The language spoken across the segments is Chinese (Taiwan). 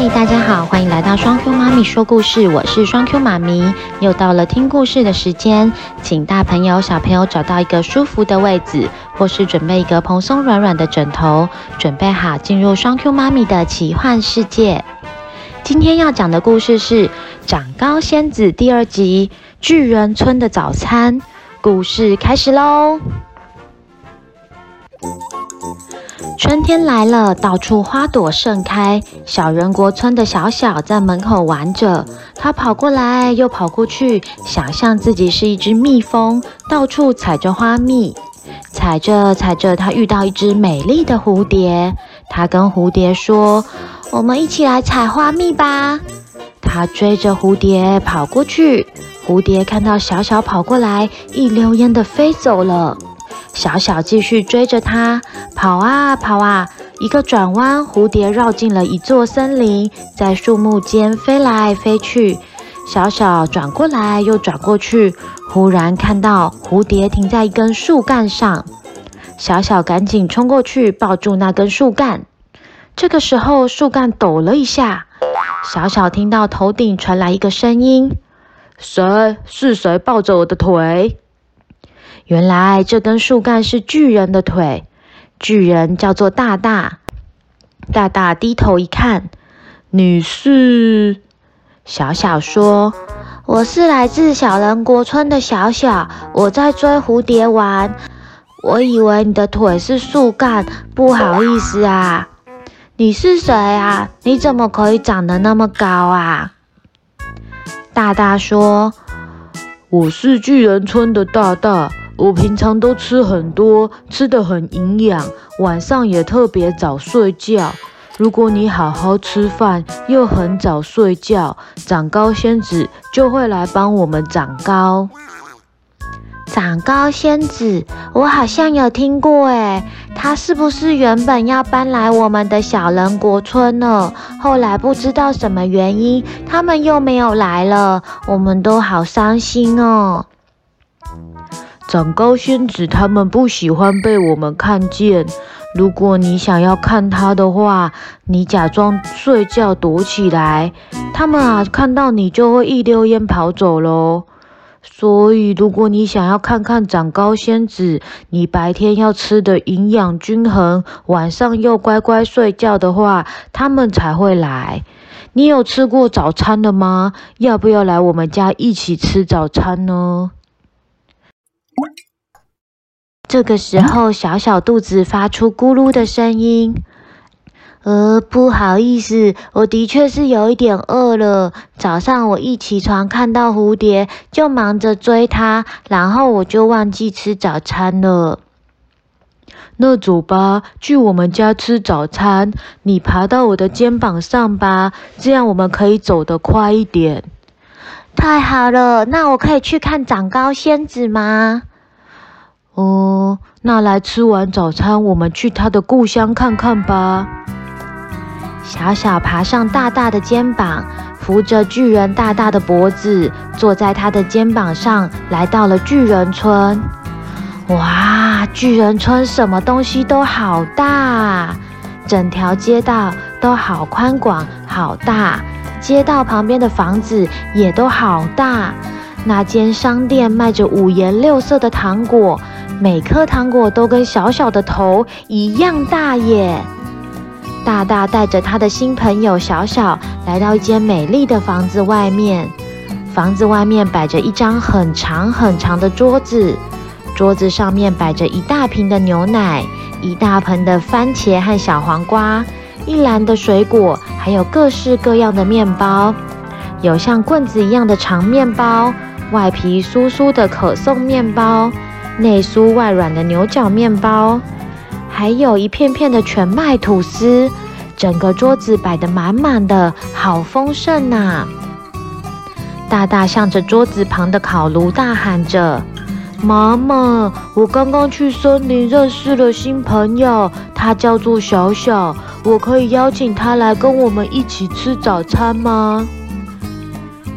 嗨，大家好，歡迎來到雙 Q 媽咪說故事，我是雙 Q 媽咪，又到了聽故事的時間，請大朋友、小朋友找到一個舒服的位置，或是準備一個蓬鬆軟軟的枕頭，準備好進入雙 Q 媽咪的奇幻世界。今天要講的故事是《長高仙子》第二集《巨人村的早餐》，故事開始嘍。春天來了，到處花朵盛開。小人國村的小小在門口玩着，他跑過來又跑過去，想象自己是一隻蜜蜂，到處採着花蜜。採着採着，踩着他遇到一隻美麗的蝴蝶，他跟蝴蝶說：“我們一起來採花蜜吧。”他追着蝴蝶跑過去，蝴蝶看到小小跑過來，一溜煙地飛走了。小小繼續追着它跑啊跑啊，一個轉彎，蝴蝶繞進了一座森林，在樹木間飛來飛去。小小轉過來又轉過去，忽然看到蝴蝶停在一根樹幹上。小小趕緊衝過去抱住那根樹幹。這個時候，樹幹抖了一下，小小聽到頭頂傳來一個聲音：“誰？是誰抱着我的腿？”原來這根樹幹是巨人的腿，巨人叫做大大。大大低頭一看，你是？小小說，我是來自小人國村的小小，我在追蝴蝶玩。我以為你的腿是樹幹，不好意思啊。你是誰啊？你怎麼可以長得那麼高啊？大大說，我是巨人村的大大。我平常都吃很多，吃得很營養，晚上也特別早睡覺。如果你好好吃飯，又很早睡覺，長高仙子就會來幫我們長高。長高仙子，我好像有聽過誒，他是不是原本要搬來我們的小人國村呢？後來不知道什麼原因，他們又沒有來了，我們都好傷心哦。長高仙子他們不喜歡被我們看見。如果你想要看他的話，你假裝睡覺躲起來，他們啊看到你就會一溜煙跑走嘍。所以，如果你想要看看長高仙子，你白天要吃的營養均衡，晚上又乖乖睡覺的話，他們才會來。你有吃過早餐的嗎？要不要來我們家一起吃早餐呢？這個時候，小小肚子發出咕嚕的聲音。呃，不好意思，我的確是有一點餓了。早上我一起床看到蝴蝶，就忙着追它，然後我就忘記吃早餐了。那走吧，去我們家吃早餐。你爬到我的肩膀上吧，這樣我們可以走得快一點。太好了，那我可以去看長高仙子嗎？哦、嗯，那來吃完早餐，我們去他的故鄉看看吧。小小爬上大大的肩膀，扶着巨人大大的脖子，坐在他的肩膀上，來到了巨人村。哇，巨人村什麼東西都好大，整條街道都好寬廣，好大。街道旁邊的房子也都好大，那間商店賣着五顏六色的糖果。每顆糖果都跟小小的頭一樣大耶！大大帶着他的新朋友小小來到一間美麗的房子外面。房子外面擺着一張很長很長的桌子，桌子上面擺着一大瓶的牛奶、一大盆的番茄和小黃瓜、一籃的水果，還有各式各樣的麵包，有像棍子一樣的長麵包，外皮酥酥的可頌麵包。內酥外軟的牛角麵包，還有一片片的全麥吐司，整個桌子擺得滿滿的，好豐盛吶！大大向着桌子旁的烤爐大喊着：“媽媽，我剛剛去森林認識了新朋友，他叫做小小，我可以邀請他來跟我們一起吃早餐嗎？”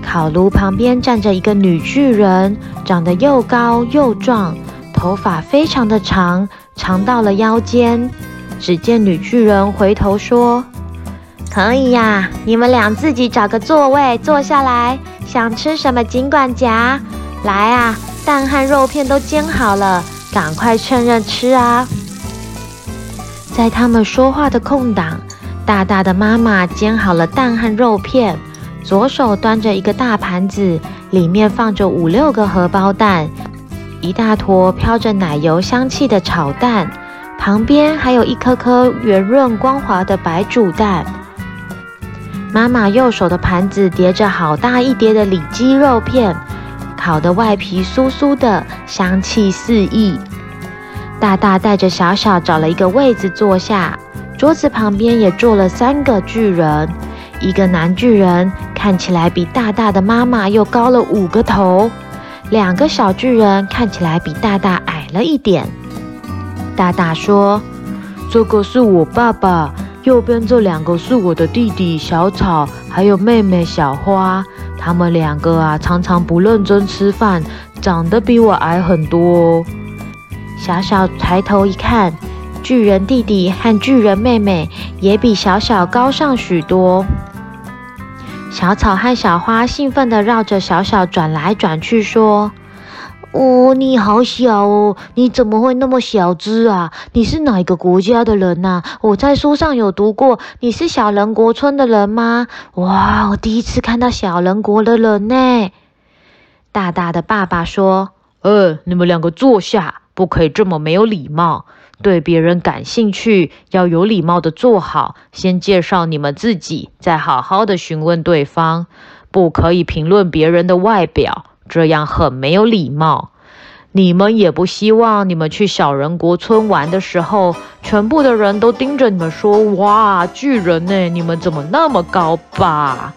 烤爐旁邊站着一個女巨人，長得又高又壯。頭髮非常的長，長到了腰間。只見女巨人回頭說：“可以呀，你們倆自己找個座位坐下來，想吃什麼儘管夾。來啊，蛋和肉片都煎好了，趕快趁熱吃啊！”在他們說話的空檔，大大的媽媽煎好了蛋和肉片，左手端着一個大盤子，裡面放着五六個荷包蛋。一大坨飄着奶油香氣的炒蛋，旁邊還有一顆顆圓潤光滑的白煮蛋。媽媽右手的盤子疊着好大一疊的里脊肉片，烤得外皮酥酥的，香氣四溢。大大帶着小小找了一個位置坐下，桌子旁邊也坐了三個巨人，一個男巨人看起來比大大的媽媽又高了五個頭。兩個小巨人看起來比大大矮了一點。大大說：“這個是我爸爸，右邊這兩個是我的弟弟小草，還有妹妹小花。他們兩個啊，常常不認真吃飯，長得比我矮很多。”小小抬頭一看，巨人弟弟和巨人妹妹也比小小高上許多。小草和小花興奮地繞着小小轉來轉去，說：“哦，你好小哦，你怎麼會那麼小只啊？你是哪一個國家的人啊？我在書上有讀過，你是小人國村的人嗎？哇，我第一次看到小人國的人呢！”大大的爸爸說：“呃，你們兩個坐下，不可以這麼沒有禮貌。”對別人感興趣要有禮貌的做好，先介紹你們自己，再好好的詢問對方。不可以評論別人的外表，這樣很沒有禮貌。你們也不希望你們去小人國村玩的時候，全部的人都盯着你們說：“哇，巨人呢？你們怎麼那麼高吧？”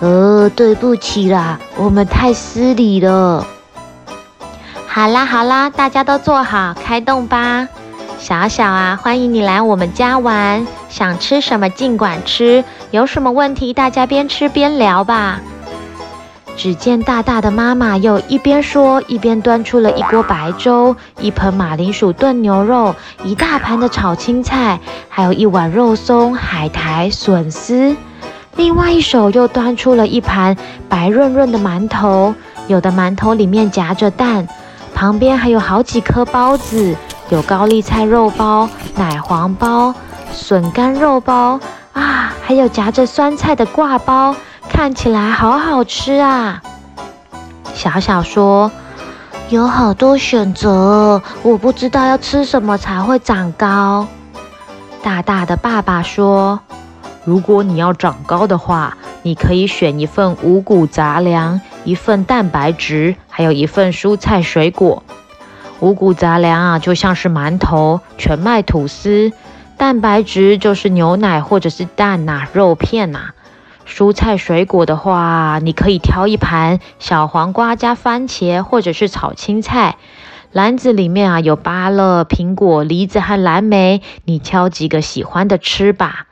呃，對不起啦，我們太失禮了。好啦好啦，大家都坐好，開動吧。小小啊，歡迎你來我們家玩，想吃什麼儘管吃，有什麼問題大家邊吃邊聊吧。只見大大的媽媽又一邊說，一邊端出了一鍋白粥，一盆馬鈴薯燉牛肉，一大盤的炒青菜，還有一碗肉鬆海苔筍絲。另外一手又端出了一盤白潤潤的饅頭，有的饅頭裡面夾着蛋，旁邊還有好幾顆包子。有高麗菜肉包、奶黃包、筍乾肉包啊，還有夾着酸菜的掛包，看起來好好吃啊！小小說有好多選擇，我不知道要吃什麼才會長高。大大的爸爸說，如果你要長高的話，你可以選一份五谷雜糧，一份蛋白質，還有一份蔬菜水果。五穀雜糧啊，就像是饅頭、全麥吐司；蛋白質就是牛奶或者是蛋吶、啊、肉片吶、啊；蔬菜水果的話，你可以挑一盤小黃瓜加番茄，或者是炒青菜。籃子裡面啊有芭樂、蘋果、梨子和藍莓，你挑幾個喜歡的吃吧。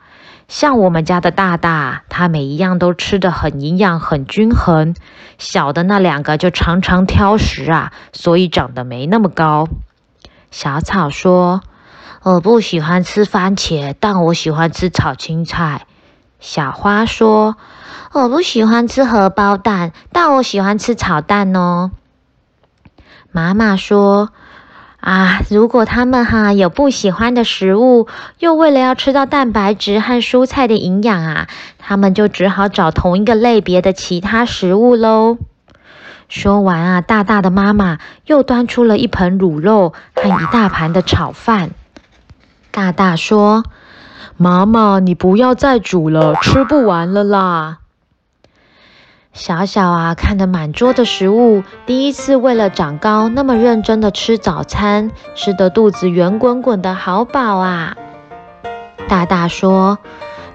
像我們家的大大，他每一樣都吃得很營養、很均衡。小的那兩個就常常挑食啊，所以長得沒那麼高。小草說：“我不喜歡吃番茄，但我喜歡吃炒青菜。”小花說：“我不喜歡吃荷包蛋，但我喜歡吃炒蛋哦。”媽媽說。啊，如果他們哈有不喜歡的食物，又為了要吃到蛋白質和蔬菜的營養啊，他們就只好找同一個類別的其他食物嘍。說完啊，大大的媽媽又端出了一盆滷肉和一大盤的炒飯。大大說：“媽媽，你不要再煮了，吃不完了啦。”小小啊，看着滿桌的食物，第一次為了長高那麼認真的吃早餐，吃得肚子圓滾滾的好飽啊！大大說：“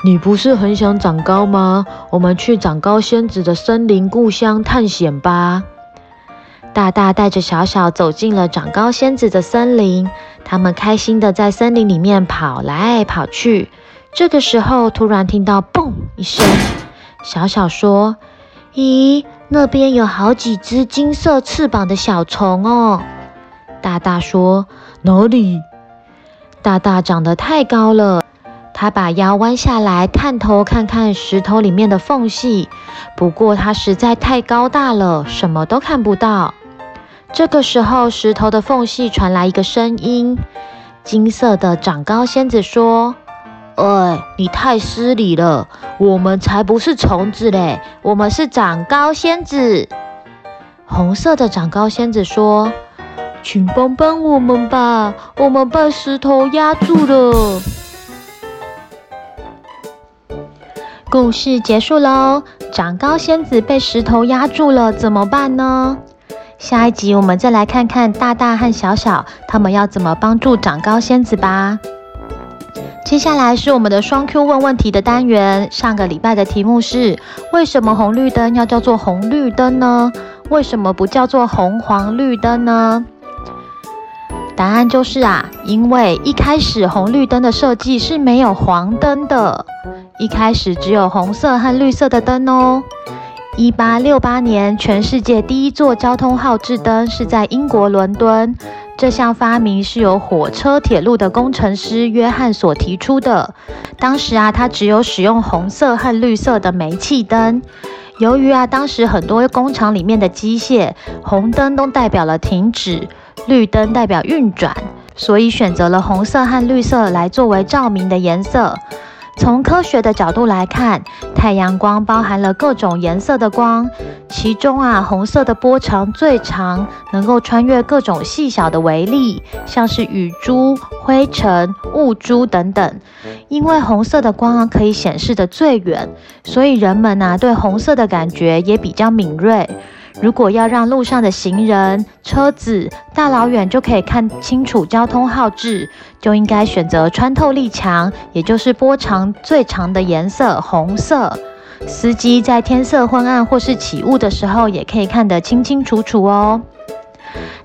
你不是很想長高嗎？我們去長高仙子的森林故鄉探險吧！”大大帶着小小走進了長高仙子的森林，他們開心地在森林裡面跑來跑去。這個時候，突然聽到“嘣”一聲，小小說。咦，那邊有好幾隻金色翅膀的小蟲哦！大大說：“哪裡？”大大長得太高了，他把腰彎下來，探頭看看石頭裡面的縫隙。不過他實在太高大了，什麼都看不到。這個時候，石頭的縫隙傳來一個聲音：“金色的長高仙子說。”哎、欸，你太失禮了！我們才不是蟲子嘞，我們是長高仙子。紅色的長高仙子說：“請幫幫我們吧，我們被石頭壓住了。”故事結束嘍，長高仙子被石頭壓住了，怎麼辦呢？下一集我們再來看看大大和小小，他們要怎麼幫助長高仙子吧。接下來是我們的雙 Q 問問題的單元。上個禮拜的題目是：為什麼紅綠燈要叫做紅綠燈呢？為什麼不叫做紅黃綠燈呢？答案就是啊，因為一開始紅綠燈的設計是沒有黃燈的，一開始只有紅色和綠色的燈哦。一八六八年，全世界第一座交通號誌燈是在英國倫敦。這項發明是由火車鐵路的工程師約翰所提出的。當時啊，他只有使用紅色和綠色的煤氣燈。由於啊，當時很多工廠裡面的機械，紅燈都代表了停止，綠燈代表運轉，所以選擇了紅色和綠色來作為照明的顏色。從科學的角度來看，太陽光包含了各種顏色的光，其中啊，紅色的波長最長，能夠穿越各種細小的微粒，像是雨珠、灰塵、霧珠等等。因為紅色的光可以顯示的最遠，所以人們啊對紅色的感覺也比較敏銳。如果要讓路上的行人、車子大老遠就可以看清楚交通號誌，就應該選擇穿透力強，也就是波長最長的顏色——紅色。司機在天色昏暗或是起霧的時候，也可以看得清清楚楚哦。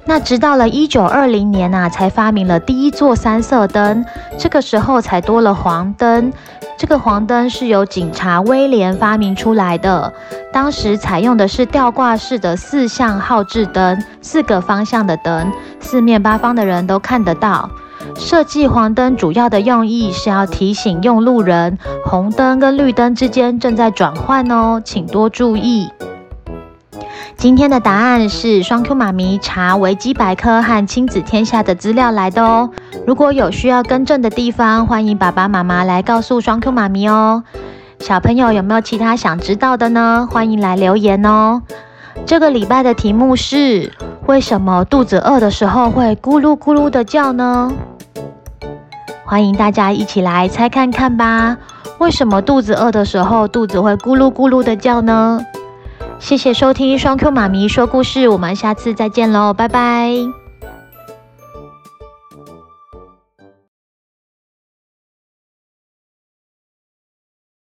那直到了1920年吶、啊，才發明了第一座三色燈，這個時候才多了黃燈。這個黃燈是由警察威廉發明出來的，當時採用的是吊掛式的四向號誌燈，四個方向的燈，四面八方的人都看得到。設計黃燈主要的用意是要提醒用路人，紅燈跟綠燈之間正在轉換哦，請多注意。今天的答案是雙 Q 媽咪查維基百科和親子天下的資料來的哦。如果有需要更正的地方，歡迎爸爸媽媽來告訴雙 Q 媽咪哦。小朋友有沒有其他想知道的呢？歡迎來留言哦。這個禮拜的題目是：為什麼肚子餓的時候會咕嚕咕嚕的叫呢？歡迎大家一起來猜看看吧。為什麼肚子餓的時候肚子會咕嚕咕嚕的叫呢？謝謝收聽雙 Q 媽咪說故事，我們下次再見嘍，拜拜。